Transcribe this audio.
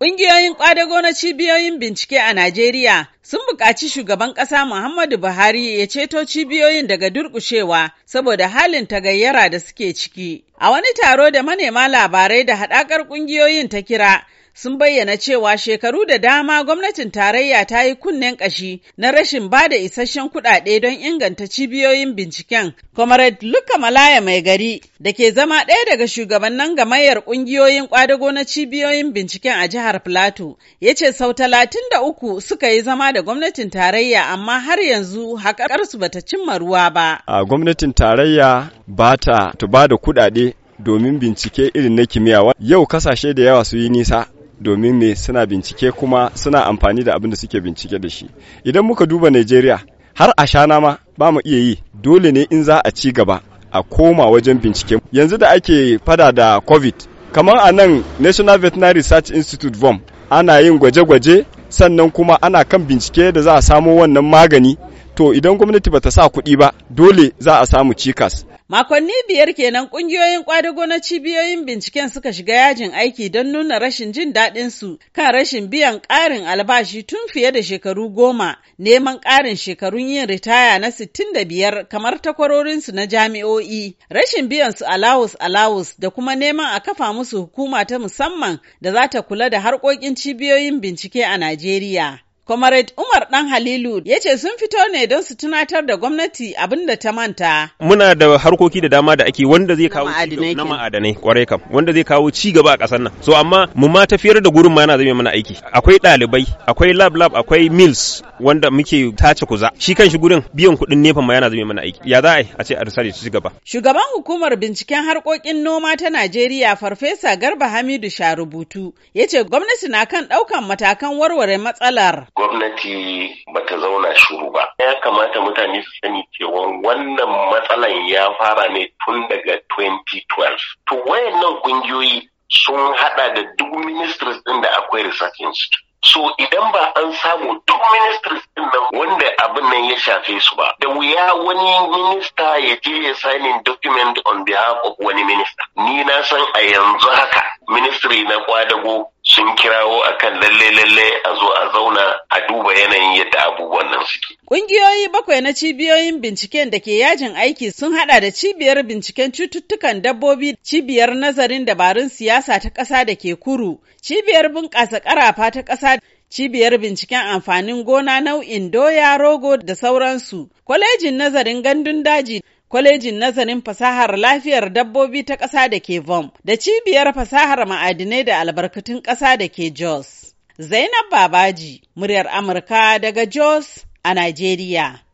Ƙungiyoyin ƙwadago na cibiyoyin bincike a Najeriya sun buƙaci shugaban ƙasa Muhammadu Buhari ya ceto cibiyoyin daga durƙushewa saboda halin tagayyara da suke ciki. A wani taro da manema labarai da haɗakar ƙungiyoyin ta kira, sun bayyana cewa shekaru da dama gwamnatin tarayya ta yi kunnen ƙashi na rashin ba da isasshen kuɗaɗe don inganta cibiyoyin binciken. Comrade Luka Malaya mai gari da ke zama ɗaya daga shugabannin gamayyar ƙungiyoyin ƙwadago na cibiyoyin binciken a jihar Plateau ya ce sau talatin da uku suka yi zama da gwamnatin tarayya amma har yanzu haƙarsu bata cimma ruwa ba. A gwamnatin tarayya ba ta ba da kuɗaɗe domin bincike irin na kimiyya yau kasashe da yawa su yi nisa domin me suna bincike kuma suna amfani da abin da suke bincike da shi idan muka duba Najeriya har a shana ma ba mu iya yi dole ne in za a ci gaba a koma wajen bincike yanzu da ake fada da covid kamar a nan national veterinary research institute vom ana yin gwaje-gwaje sannan kuma ana kan bincike da za a samo wannan magani to idan gwamnati ba ta sa kuɗi ba dole za a samu cikas Makonni biyar kenan kungiyoyin kwadago na cibiyoyin binciken suka shiga yajin aiki don nuna rashin jin daɗin su kan rashin biyan ƙarin albashi tun fiye da shekaru goma, neman ƙarin shekarun yin ritaya na sittin da biyar kamar takwarorinsu na jami'o'i, rashin biyan su alawus alawus da kuma neman a kafa musu hukuma ta musamman da za ta kula da harkokin cibiyoyin bincike a Najeriya. Comrade Umar Dan Halilu ya ce sun fito ne don su tunatar da gwamnati abin da ta manta. Muna da harkoki da dama da ake wanda zai kawo na ma'adanai kwarai kam wanda zai kawo ci gaba a ƙasar nan. So amma mu ma tafiyar da gurin ma yana zama mana aiki. Akwai ɗalibai, akwai lab lab, akwai mills, wanda muke tace kuza shi kan shi gurin biyan kuɗin nefa ma yana zame mana aiki ya za a a ce a risale su gaba shugaban hukumar binciken harkokin noma ta Najeriya farfesa Garba Hamidu Sharubutu ya ce gwamnati na kan ɗaukan matakan warware matsalar gwamnati bata zauna shuru ba ya kamata mutane su sani cewa wannan matsalan ya fara ne tun daga 2012 to wayannan kungiyoyi sun hada da duk ministries din da akwai research institute So idan ba an samu duk ministers din nan wanda abin nan ya shafe su ba, da wuya wani minista ya je ya signing document on behalf of wani minista. Ni na san a yanzu haka ministry na kwadago sun kirawo akan lalle lalle a zo a zauna a duba yanayin yadda abubuwan nan suke. Ƙungiyoyi bakwai na cibiyoyin binciken da ke yajin aiki sun hada da cibiyar binciken cututtukan dabbobi, cibiyar nazarin dabarun siyasa ta ƙasa da ke kuru, cibiyar bunƙasa ƙarafa ta ƙasa cibiyar binciken amfanin gona nau'in doya rogo da sauransu kwalejin nazarin gandun daji kwalejin nazarin fasahar lafiyar dabbobi ta ƙasa da ke vom da cibiyar fasahar ma'adinai da albarkatun ƙasa da ke jos zainab babaji muryar amurka daga jos a najeriya